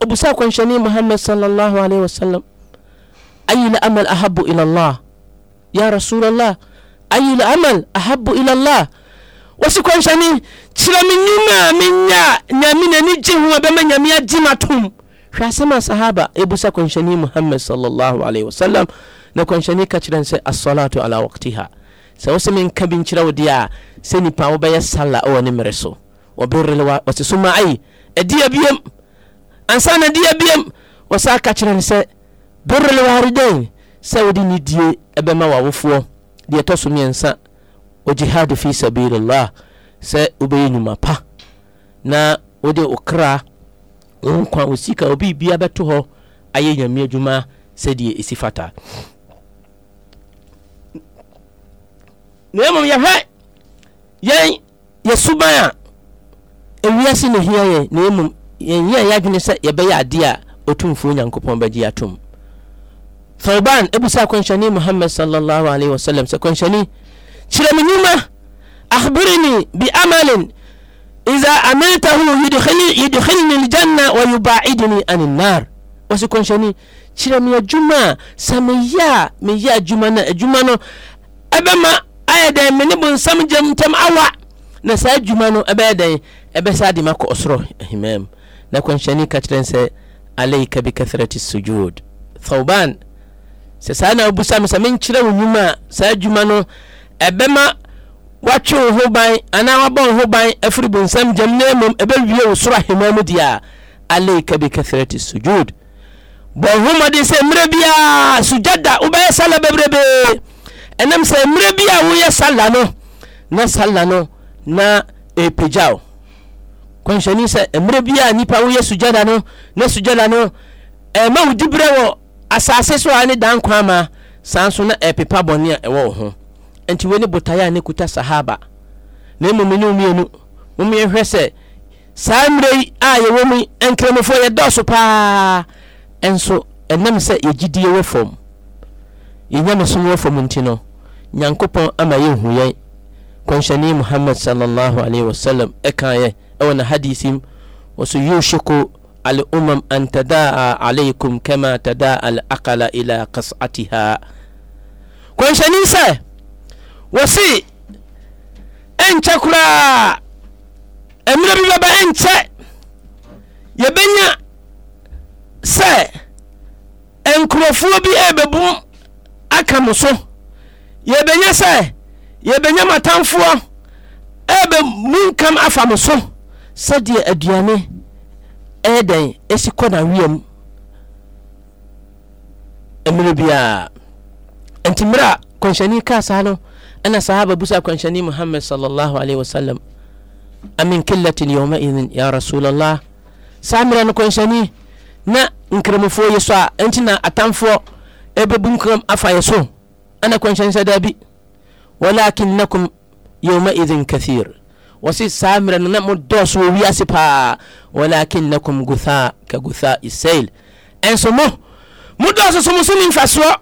obusa akwanhyɛni muhammad sallallahu alaihi wasallam ayi la amal ahabu ila allah ya rasulallah ayi la amal ahabu ila allah wɔsi kwanhyɛni kyerɛ me nnwuma a menya nyame n'ani gye ho a bɛma nyame agye m'atom hwɛ asɛm a sahaba ɛbusa kwanhyɛni muhammad sallallahu alaihi wasallam na kwanhyɛni ka kyerɛ sɛ assalatu ala waktiha sɛ wo sɛ menka bi nkyerɛ wo deɛ a sɛ nipa wobɛyɛ sala ɛwɔ ne mmerɛ so wɔberelewa wɔse so ma ai ɛdiɛ biam ansa na ɛdiɛ biam wɔsa ka kyerɛ no sɛ berelewaredɛn sɛ wode ne die ɛbɛma wawofoɔ deɛ ɛtɔ so mmiɛnsa wajihadu fi sabilillah sɛ wobɛyɛ nnwuma pa na wode wo kra nkwa osika obi bia bɛto hɔ ayɛ nyame adwuma sɛdeɛ ɛsi fata na mmom yɛhwɛ yɛn yɛsuban a ewiase na hia yɛ na mmom yɛnyɛ yɛadwene sɛ yɛbɛyɛ ade a ɔtumfuo nyankopɔn bɛgye atom thauban ɛbusa akwanhyɛne muhammed sallallahu alaihi wasallam sɛ kwanhyɛne kyerɛ me nnwuma akhbirni bi amalin iza amiltahu yudkhilni ljanna wa yubaidni ani nar wasikonshani miya juma samiya miya jumana jumano abema ayada mini bun sam jam tam awa na saa jumano abada abesa di mako osro himem na konshani katrense alayka bi kathrati sujud thawban sasa na obusa misa min cira nyuma saa jumano abema watwe wo ho ban anaa wabɔ wo ho ban afiri bonsam gyam na mmom ɛbɛwie wo soro ahema mu deɛ a alaika bi kathrati sujud bɔ ho mmɔden sɛ mmerɛ biaa sujada wobɛyɛ sala bɛbrɛbee ɛnam sɛ mmerɛ bi a woyɛ sala no na sala no na ɛpagya wo kwanhyɛni sɛ mmerɛ bi a nipa woyɛ sujada no na sujada no ɛma eh, wo diberɛ wɔ asase so a ne dan kwan ma saa nso na ɛpepa bɔne a ɛwɔ wo ho nti wei ne botaeɛ a ne kuta sahaba na mmom ne mmienu mommɛhwɛ sɛ saa mmerɛ yi a yɛwɔ mu nkramofoɔ yɛdɔɔso paa ɛnso ɛnam sɛ yɛgyidie wɔ fam yɛnyamesom wɔ fam nti no nyankopɔn ama yɛhu yɛn kɔnhyɛne muhammad sallallahu alaihi wasallam ɛkaeɛ ɛwɔ na hadisim wɔso yushiku al'umam an tadaa alaikum kama tadaa al'aqala ila qas'atiha kɔnhyɛne sɛ wɔsi ɛnkyɛ koraa mmerɛ bi bɛba ɛnkyɛ yɛbɛnya sɛ nkurɔfoɔ bi ɛrebɛbu aka mo so yɛbɛnya sɛ yɛbɛnya matamfoɔ ɛrebɛmu nkam afa mo so sɛdeɛ aduane ɛyɛ dɛn ɛsi kɔ n'aweɛ mu mmerɛ biara nti mmerɛ a kɔnhyɛni kaa saa no أنا صحابة بوسا كنشني محمد صلى الله عليه وسلم أمن كلة يومئذ يا رسول الله سامرا نكنشني na nkramo fo yeso a enti na atamfo ebebu nkram afa yeso ana kwanhyɛn sɛ daabi walakin nakum yawma idhin kathir wasi saa mmerɛ no na mo dɔɔso wɔ wiase paa walakin nakum gutha ka gutha isail ɛnso mo mo dɔɔso so mo so ne mfasoɔ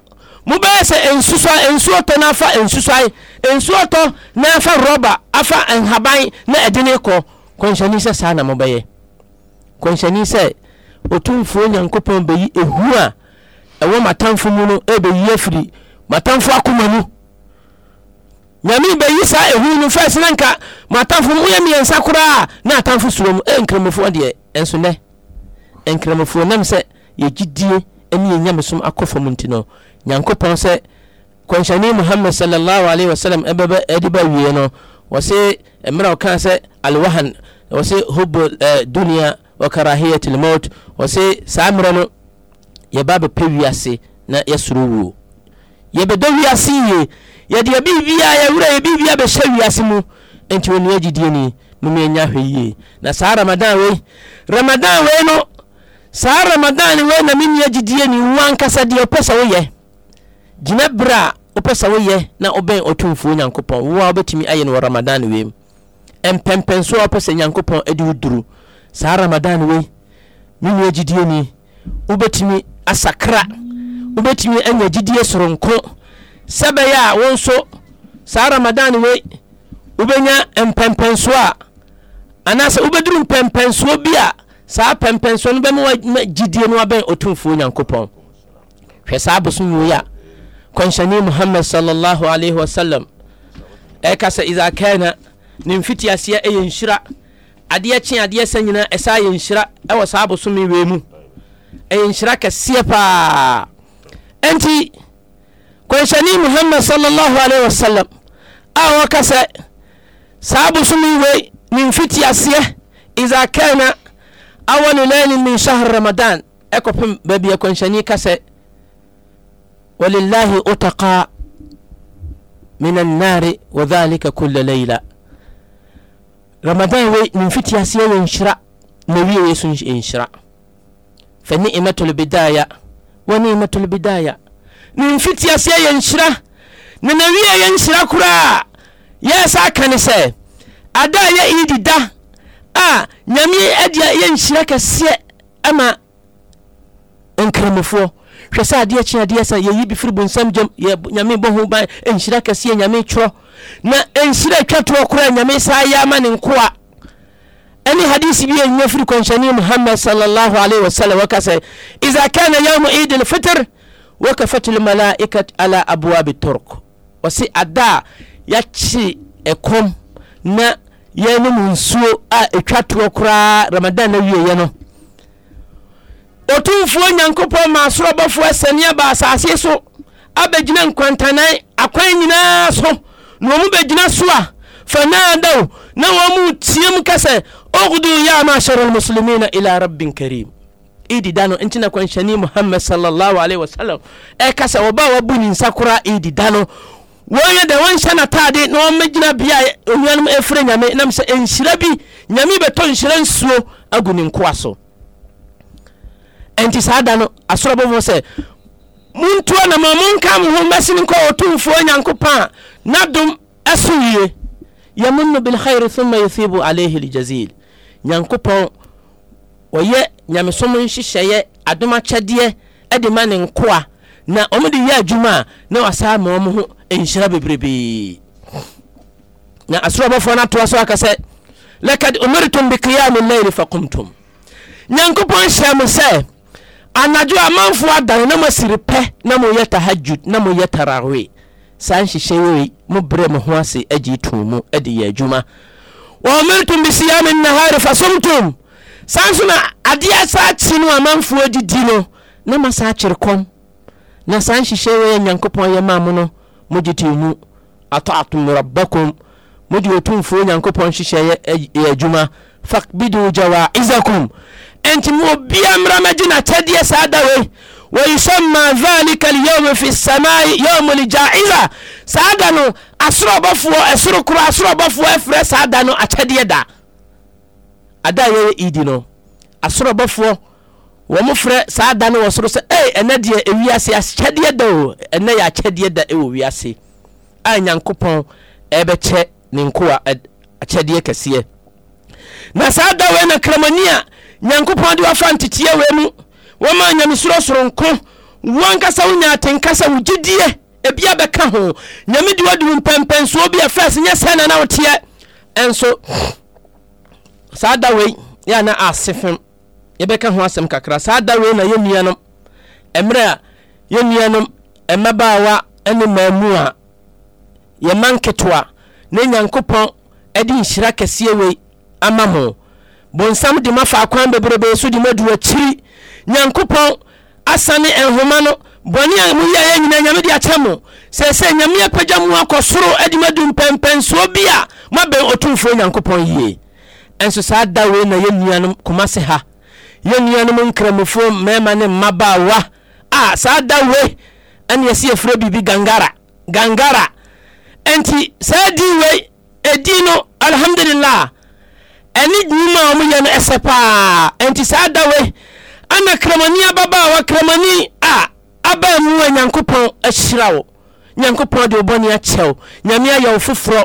mo bɛyɛ sɛ nsusuo nsuo tɔ no afa nsusuae nsuo tɔ na afa rɔba afa nhaban na ɛde ne kɔ kɔnhyɛni sɛ saa na mobɛyɛ kɔnhyɛni sɛ otumfuo nyankopɔn bɛyi ehu a ɛwɔ matamfo mu no ɛbɛyi afiri matamfo akoma mu nyame bɛyi saa ehu no fɛ sene nka matamfo mu yɛ mmiɛnsa koraa na atamfo suo mu ɛ nkramofoɔ deɛ ɛnso nɛ nkramofoɔ nam sɛ yɛgyidie ɛne yɛnyamesom akɔ fam nti no nyankopɔn sɛ kwanhyɛne muhammad sallallahu alaihi wasallam ɛbɛbɛ ɛde ba wie no wɔse mmerɛ ɔka sɛ alwahan wɔse hubu dunia wa karahiyat almaut wɔse saa mmerɛ no yɛba bɛpɛ wiase na yɛsoro wuo yɛbɛdɔ wiase yie yɛde biribia yɛwerɛ yɛbiribia bɛhyɛ wiase mu enti wɔnua gyidie ni momianya hwɛ yie na saa ramadan wei ramadan wei no saa ramadan wei na menua gyidie ni wankasa deɛ ɔpɛ sɛ woyɛ gyina berɛ a wopɛ sɛ woyɛ na wobɛn ɔtumfuo nyankopɔn woa wobɛtumi ayɛ no wɔ ramadan wei mu mpɛmpɛn so a wopɛ sɛ nyankopɔn ade wo duru saa ramadan wei me nua gyidie ni wobɛtumi asakra wobɛtumi anya gyidie soronko sɛ bɛyɛ a wo nso saa ramadan wei wobɛnya mpɛmpɛnsoɔ a anaasɛ wobɛduru mpɛmpɛnsoɔ bi a saa pɛmpɛnsoɔ no bɛma gyidie no abɛn ɔtumfuo nyankopɔn hwɛ saa bosom wei a kɔnhyɛne muhammad sallallahu alaihi wasallam ɛka sɛ isa kana ne mfitiaseɛ ɛyɛ nhyira adeɛ kye adeɛ sɛ nyinaa ɛsa yɛ nhyira ɛwɔ saa bosome wei mu ɛyɛ nhyira kɛseɛ paa ɛnti kɔnhyɛne muhammad sallallahu alaihi wasallam a wɔka sɛ saa bosome wei ne mfitiaseɛ isa kana awal lalin min shahr ramadan ɛkɔpem baabi akɔnhyɛne ka sɛ ولله أتقى من النار وذلك كل ليلة رمضان وي من فتيا سيا ينشرع نبي ويسون ينشرع فنئمة البداية ونئمة البداية من فتيا سيا ينشرع ننبي ينشرع كرا يا ساكن سي أدا يا إيدي دا آه نمي أدي ينشرع كسي أما انكرمفو hwɛ sɛ adeɛ kye adeɛ sa yɛyi bi firi bonsam gyam nyame bɔ ho ban nhyira kɛseɛ nyame twerɛ na nhyira atwa toɔ koraa nyame saa yɛ ama ne nkoa ɛne hadisi bi ɛnya firi kɔnhyɛne muhammad sallallahu alaihi wasallam waka sɛ iza kana yawmu eid alfitr wakafat almalaikat ala abwabi turk wɔse ada a yɛakye ɛkɔm na yɛnom nsuo a ɛtwa toɔ koraa ramadan na wieɛ no ɔtumfuo nyankopɔn ma asorɔbɔfoɔ asane aba asase so abɛgyina nkwantanan akwan nyinaa so na ɔmu bɛgyina so a fanadao na wɔn mu team ka sɛ ɔgudu ya mashara almuslimina ila rabbin karim idi da no nkyina kwanhyɛne muhammad sallallahu alaihi wasallam ɛka sɛ wɔba wabu ne nsa koraa idi da no wɔyɛ dɛ wɔnhyɛ n'ataade na wɔmmɛgyina bia onuanom afiri nyame nam sɛ nhyira bi nyame bɛtɔ nhyira nsuo agu ne nkoa so ɛnti saa da no asorɔbɔfoɔ sɛ montua na ma monka mo ho mɛsi no nkɔ ɔtomfoɔ nyankopɔn a nadom ɛso wie yamunnu bilkhairi thumma yuthibu alayhi aljazil nyankopɔn ɔyɛ nyamesom nhyehyɛeɛ adom akyɛdeɛ ɛde ma ne nkoa na ɔmo de yɛ adwuma a na wasaa ma ɔmo ho nhyira bebrebee na asorɔbɔfoɔ no atoa so aka sɛ lakad umirtum biqiyami llaili fakumtum nyankopɔn hyɛ mo sɛ anadwo amanfo adane na moasiri pɛ na moyɛ tahajud na moyɛ tarawe saa nhyehyɛ wei mo berɛ mo ho ase agye to mu de yɛ adwuma wɔmertum bisiame nnahare fasomtom saa nso na adeɛ saa kyi no amanfoɔ didi no na ma saa kyere kɔm na saa nhyehyɛ wei a nyankopɔn yɛ ma mo no mogye to mu ataatum rabbakum mogye ɔtumfoɔ nyankopɔn nhyehyɛ yɛ adwuma fakbidu jawaizakum ntimobia mmra ma gyena akyɛdeɛ saa da ei wausuma thalika yam fisama ym aljaisa saa da n asorɔfoɔ sordɛd asrɔffɛ aɛneɛɛ nyankopɔn de wafa nteteɛ wei mu wɔma nyamesorɔsoronko wankasa wonya atenka wo gyidie ebi abɛka ho nyame de wadi wadu mpɛmpɛnsoɔ bi ɛfɛs nyɛ sɛ na na woteɛ nso saa da wei yɛ ana ase fem yɛbɛka ho asɛm kakra saa da wei na yɛnuanom nuanom a yɛnuanom nuanom mmabaawa ne maamu a yɛma nketewa na nyankopɔn de nhyira kɛseɛ wei ama mo bonsam de ma faakwan bebrebe so de ma du akyiri nyankopɔn asane nhoma no bɔne a moyɛɛ nyina nyame de akyerɛ mo sɛ sɛ nyame apagya mu akɔ soro adi ma du mpɛmpɛnsoɔ bi a moabɛn ɔtomfoɔ nyankopɔn yie ɛnso saa da wei na yɛn nuanom kɔma se ha yɛn nuanom nkramofoɔ mmarima ne mmabaawa a saa da wei ɛne yɛsi yɛfrɛ biribi gangara gangara ɛnti saa din wei ɛdin no alhamdulillah ɛne dwuma a wɔyɛ no ɛsɛ paa ɛnti saa da we ana kramani ababaawa kramani a abaa mu a nyankopɔn ahyira wo nyankopɔn de wobɔne akyɛ wo nyame ayɛ wo foforɔ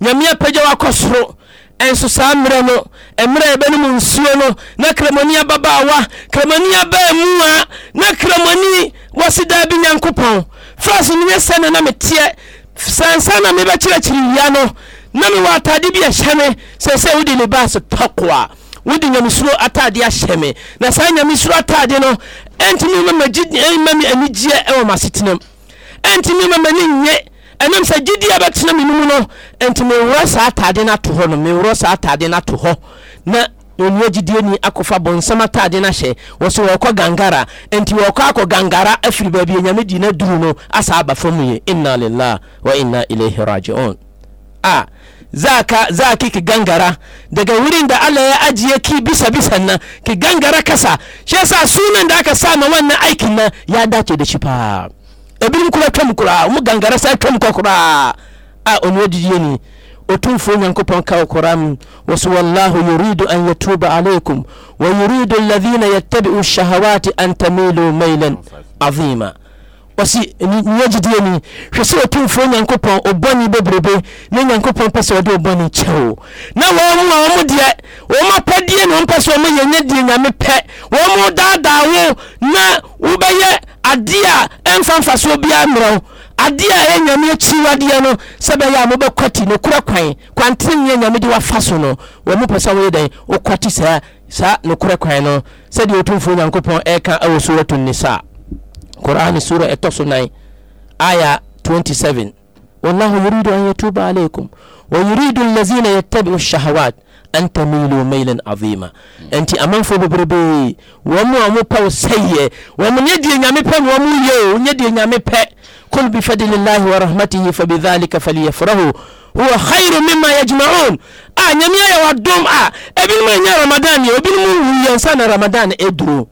nyame apagya wakɔ soro ɛnso saa mmerɛ no mmerɛ yɛbɛnom nsuo no na kramani ababaawa kramani abaa mu a na kramani wɔse daa bi nyankopɔn fras so no yɛ sɛ na na meteɛ sansa na mebɛkyerɛkyiri wia no na mewɔ atade bi ɛhyɛ me sɛ sɛ wode ne baase pako a wode nyamesuro atade ahyɛ me na saa nyamesuro atade no ɛntumi ma ma me anigyeɛ ɛwɔ m'asetenam ɛntumi ma m'ani nye ɛnam sɛ gyidi a bɛtena me nomu no ɛnti meworɔ saa atade no ato hɔ no meworɔ saa atade no ato hɔ na onua gyidie ni akɔfa bɔnsɛm atade no ahyɛ wɔ so wɔkɔ gangara ɛnti wɔkɔ akɔ gangara afiri baabi anyame di no aduru no asa aba fam yi inna lillah wa inna ilaihi rajiun a ah. za ki ki gangara daga wurin da Allah ya ajiye ki bisa bisan nan ki gangara kasa shi yasa sunan da aka sa sama wannan aikin nan ya dace da shi fa ebiri kura twam kura mu gangara sai twam kura a onwo jiye ni otun fo nyankopɔn ka wo koram wa so wallahu yuridu an yatuba alaikum wa yuridu alladhina yattabi'u shahawati an tamilu mailan azima ɔsi nyɛ gyidie ni hwɛ sɛ otumfoɔ nyankopɔn ɔbɔne bebrebe na nyankopɔn pɛ sɛ ɔde ɔbɔne kyɛ o na wɔn mu a wɔn deɛ wɔn apɛdeɛ na wɔn pɛ sɛ wɔn yɛ nyɛ die nyame pɛ wɔn mu daadaa wo na wobɛyɛ adeɛ a ɛmfa mfasoɔ biara mmerɛ wo adeɛ a ɛyɛ nyame akyiwadeɛ no sɛ bɛyɛ a mobɛkɔ ti no kura kwan kwantere nyɛ nyame de wafa so no wɔn mu pɛ sɛ wɔyɛ dɛn wokɔ ti saa saa nokorɛ kwan no sɛdeɛ otumfoɔ nyankopɔn ɛreka ɛwɔ so wɔto nisa Qur'ani sura ya 9 aya 27 wallahu yuridu an yatuba alaikum wa yuridu allazina yattabi'u ash-shahawat an tamilu mailan azima enti amanfo bebrebe wɔn amu pa wo sɛyɛ wɔn nyɛ deɛ nyame pɛ na wɔn yɛ o nyɛ deɛ nyame pɛ kul bifadlillahi wa rahmatihi fa bidhalika falyafrahu huwa khairu mimma yajma'un a nyame ayɛ wadom a ebinom nyɛ ramadan yɛ ebinom wuyɛ nsa na ramadan ɛduro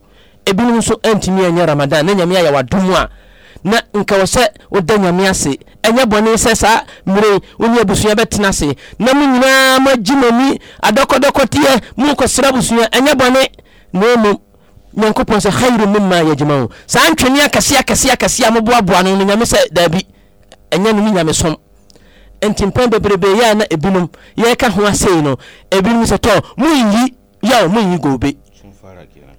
ebinom nso ntumi ɛnyɛ ramadan na nyame ayɛ wadom a na nka wɔ sɛ woda nyame ase ɛnyɛ bɔne sɛ saa mmere woni abusua bɛtena ase na mo nyinaa moagye m'ani adɔkɔdɔkɔteɛ morekɔsra abusua ɛnyɛ bɔne na mmom nyankopɔn sɛ khairu mima yɛgyima ho saa ntwene akɛseɛ akɛseɛ akɛseɛ a moboaboa no no nyame sɛ daabi ɛnyɛ no ne nyamesom nti mpɛn bebrebe yɛ na ebinom yɛka ho asei no ebinom sɛ tɔ moyi yaw moyi gobe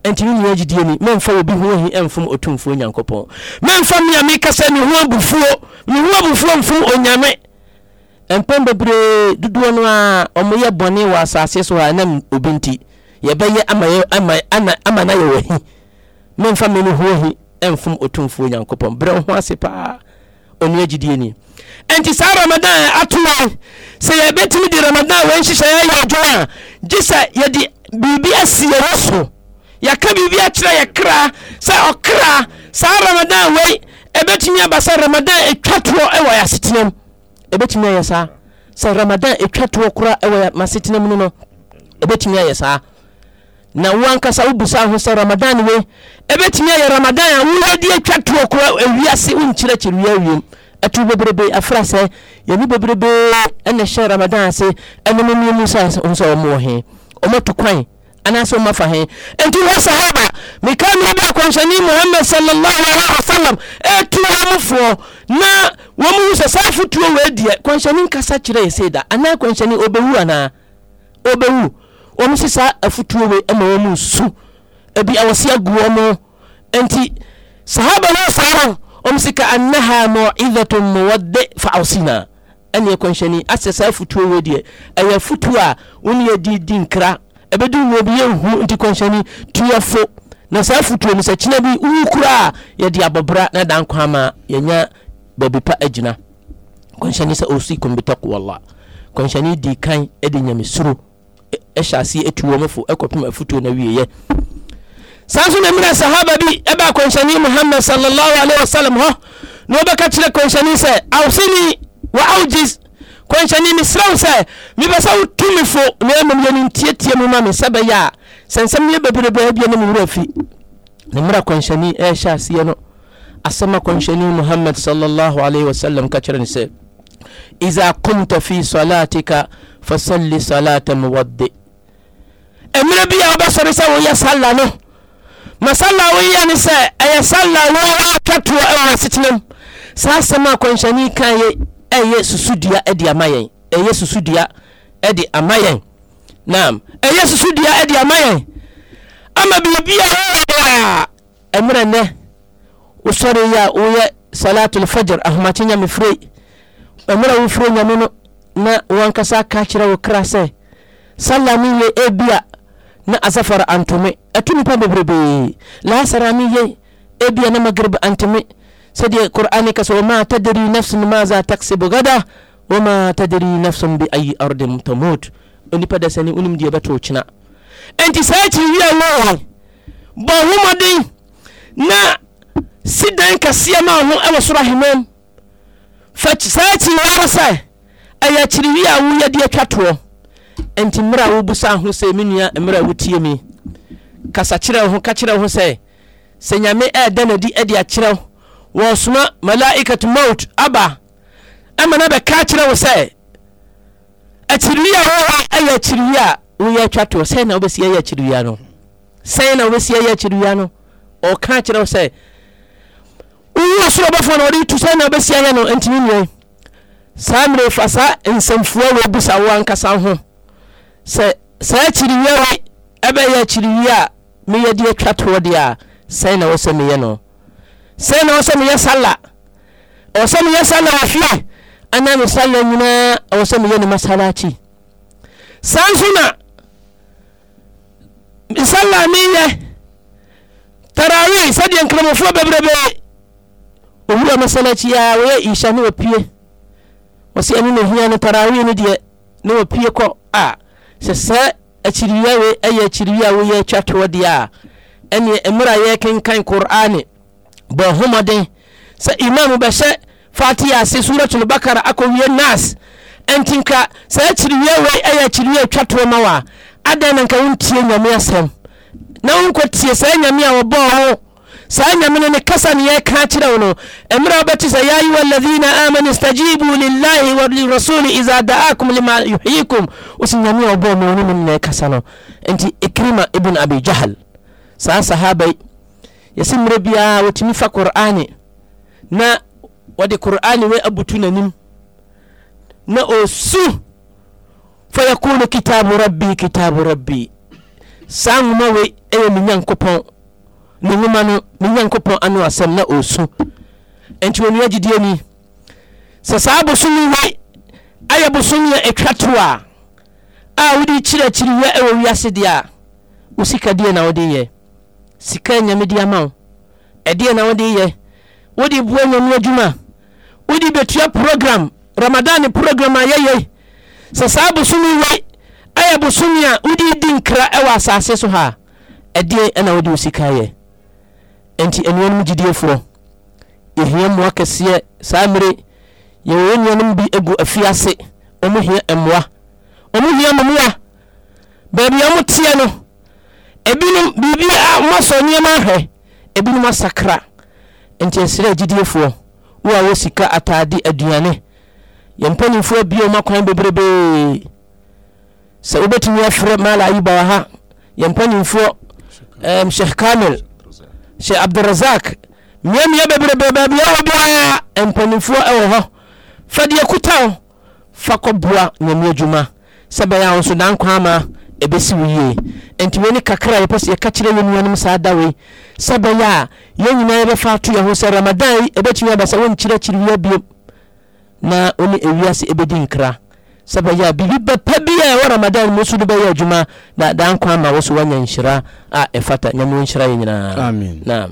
ɛnti ne gyidie ni memfa obi ho hi ɛmfom ɔtumfuo nyankopɔn memfa me a mekasa me ho abufuo me ho abufuo mfom onyame mpɛn bebree dodoɔ no a ɔmoyɛ bɔne wɔ asase so a nam obi nti yɛbɛyɛ ama yɛ ama ana ama na yɛ wɔ hi memfa me no ho hi ɛmfom ɔtumfuo nyankopɔn berɛ ho ase paa ɔno agyidie ni ɛnti saa ramadan atoma sɛ yɛbɛtumi de ramadan wɔ nhyehyɛeɛ yɛ adwo a gye sɛ yɛde biribi asi yɛwɔ so yɛka biribi akyerɛ yɛ kra sɛ ɔkra saa ramadan wei ɛbɛtumi aba sɛ ramadan ɛtwa toɔ ɛwɔ yɛ asetenam ɛbɛtumi ayɛ saa sɛ ramadan ɛtwa toɔ kora ɛwɔ yɛ masetenam no no ɛbɛtumi ayɛ saa na wankasa wobusa ho sɛ ramadan wei ɛbɛtumi ayɛ ramadan a wohadi atwa toɔ kora awiase wonkyerɛkyerɛ wia wiem ɛto bebrebe afra sɛ yɛni bebrebe ɛna hyɛ ramadan ase ɛnom nneɛmu sɛ nso ɔmo wɔ he ɔmo to kwan anaasɛ womafa he enti wɔ sahaba meka meɛda akɔnhyɛne muhammad sallallahu alaihi wasallam ɛtu amofoɔ na wɔn mu sɛ saa fotuo wɔ adiɛ kɔnhyɛne nkasa kyerɛ yɛsɛ da anaa kɔnhyɛne ɔbɛwu anaa ɔbɛwu wɔn si saa afotuo wɔ ma wɔn mu nsu ebi awɔsi agu wɔn enti sahaba na saara wɔn si ka anaha mɔ'idhatu muwadde fa awsina ɛne kɔnhyɛne asɛ saa fotuo wɔ adiɛ ɛyɛ fotuo a wɔn yɛ di di nkra ɛbɛdi wuo bi yɛnhu nti kɔnhyɛne tuyɛfo na saa afotuo no sɛ kyena bi wowu kora a yɛde abɔbra na da nkwa ma yɛnya baabi pa agyina kɔnhyɛne sɛ ɔsikum bitaqwallah kɔnhyɛne dii kan de nyamesuro ɛhyɛ ase atu wɔ mfo ɛkɔpem afotuo no awieyɛ saa nso na mmerɛ sahaba bi ɛba kɔnhyɛne muhammad sallallahu alaihi wasallam hɔ na wɔbɛka kyerɛ kɔnhyɛne sɛ awsini wa awjis kwanhyɛne mesrɛ wo sɛ mebɛ sɛ wo tumi fo na mmom yɛ no ntiatia mu ma me sɛ bɛyɛ a sɛ nsɛm yɛ bebrebaa bia ne mewerɛ fi ne mmerɛ kwanhyɛne ɛɛhyɛ aseɛ no asɛm a kwanhyɛne muhammad sallallahu alaihi wasallam ka kyerɛ ne iza kumta fi salatika fasalli salata muwadde mmerɛ bi a wobɛsɔre sɛ woyɛ salla no masalla salla woyɛ ne sɛ salla no atwatoɔ ɛwɔ asetenam saa asɛm a kwanhyɛne kaeɛ ɛyɛ susudua ɛde ama yɛn ɛyɛ susudua ɛde ama yɛn naam ɛyɛ susudua ɛde ama yɛn ama biribiara ɛmmerɛ nnɛ wosɔre yi a woyɛ salatul fajr ahomakye nyame fire ɛmmerɛ wofire nyame no na wankasa ka kyerɛ wo kra sɛ sala me ye ebia na asafara antome ɛto nipa bebrebee laasara me ye ebia na magrib antome sai dai qur'ani ka so ma tadri nafsun ma za taksibu gada wa ma tadri nafsun bi ayi ardin tamut oni pada sani unim die bato china enti sai ti wiya lawa ba huma din na sidan siya ma hu awa sura himam fa sai ti wara sai aya chiri wiya wu ya die twatoɔ enti mmerɛ a wobusa a sɛ me nua mura a wotie me kasa kyerɛ a ho ka kyerɛ wo ho sɛ sɛ ɛ di no adi adi akyerɛ wo wɔsoma malaikat maut aba ɛma na bɛka kyerɛ wo sɛ akyiriwie a wɔwɔ ɛyɛ akyiriwie a woyɛ atwa toɔ sɛn na wobɛsi ɛyɛ akyiriwie no sɛn na wobɛsi ɛyɛ akyiriwie no ɔka kyerɛ wo sɛ wowu ɔsoro bɔfoɔ na ɔde to sɛn na wobɛsi ɛyɛ no ntimi nnuɛ saa mmerɛ fa saa nsɛmfua wɔ busa wo ankasa ho sɛ saa akyiriwie we ɛbɛyɛ akyiriwie a meyɛ atwa toɔ deɛ a sɛn na wo sɛ meyɛ no sai na wasu mu ya sallah wasu mu ya sallah a fiye ana mu sallah nyina a wasu mu yana masalaci san suna sallah mi yɛ tarawih sɛdeɛ nkramofoɔ bebrebe owura masalaci a wɔyɛ isha ne wɔpie wɔsɛ ɛno na ohia no tarawih no deɛ ne wɔpie kɔ a sɛ akyiriwia wei ɛyɛ akyiriwia a woyɛ atwa deɛ a ɛneɛ mmerɛ a yɛkenkan qur'ane bɔ hoɔden sɛ imam bɛhyɛ fatiha ase suratul bakara akɔwie nas ɛnti nka sɛ akyiriwie wei ɛyɛ akyiriwie twa toɔ ma wa adɛn na nka wontie nyame asɛm na wonkɔtie saa nyame a wɔbɔɔ ho saa nyame no ne kasa ne yɛka kyerɛ wo no ɛmerɛ wobɛte sɛ ya ayuha alladhina amanu stajibu lillahi wa lirasuli iza daakum lima yuhyikum wosi nyame a wɔbɔɔ ma wo no mu kasa no enti ikrima ibn abi jahal saa sahaba yɛsɛ mmerɛ biara wɔtumi fa qur'ane na wɔde qur'ane wei abutu n'anim na ɔsu fa yakunu kitabu rabbi kitabu rabbi saa nwoma wei ɛyɛ me nyankopɔn ne nwoma no me nyankopɔn ano asɛm na ɔsu ɛnti wɔnua gyidie ni sɛ saa bosome wei ayɛ bosome a ɛtwa to a a wode kyerɛkyiriwɛ ɛwɔ wiase deɛ a wo sikadeɛ na wode yɛ sika nyame di ama wo ɛdeɛ na wode yɛ wode bua nyame adwuma wode bɛtua program ramadan program a yɛyɛ sɛ saa bosome wei ɛyɛ bosome a wode di nkra ɛwɔ asase so ha ɛdeɛ ɛna wode wo sika yɛ enti anuanom gyidiefoɔ yɛhia mmoa kɛseɛ saa mmere yɛwɔ nuanom bi agu afiase ɔmo hia mmoa ɔmo hia momoa baabi a ɔmo teɛ no ebinom biribi a masɔ nneɛma ahwɛ ebinom asakra nti ɛsrɛ agyidiefoɔ wo a wɔ sika ataade aduane yɛn mpanimfoɔ bia ɔmo akwan bebrebee sɛ wobɛtumi afrɛ mala ayiba wɔ ha yɛn mpanimfoɔ um, sheikh kamil sheikh abdurazak mmeammea bebrebe baabia wɔ biara mpanimfoɔ ɛwɔ hɔ fa deɛ kuta wo fa kɔboa nyame adwuma sɛ bɛyɛ a wo nso dankwa ama ɛbɛsi wo yie nti wei ne kakra yɛpɛ sɛ yɛka kyerɛ yɛ nuanom saa da wei sɛ bɛyɛ a yɛn nyinaa yɛbɛfa ato yɛn ho sɛ ramadan ɛbɛtumi aba sɛ wɔnkyerɛkyerɛ wia bio na wɔne ewiase ɛbɛdi nkra sɛ bɛyɛ a biribi bɛpɛ bi a ɛwɔ ramadan mu so bɛyɛ adwuma na daa nkwa ama wo so woanya nhyira a ɛfata nyame wo nhyira yɛ nyinaa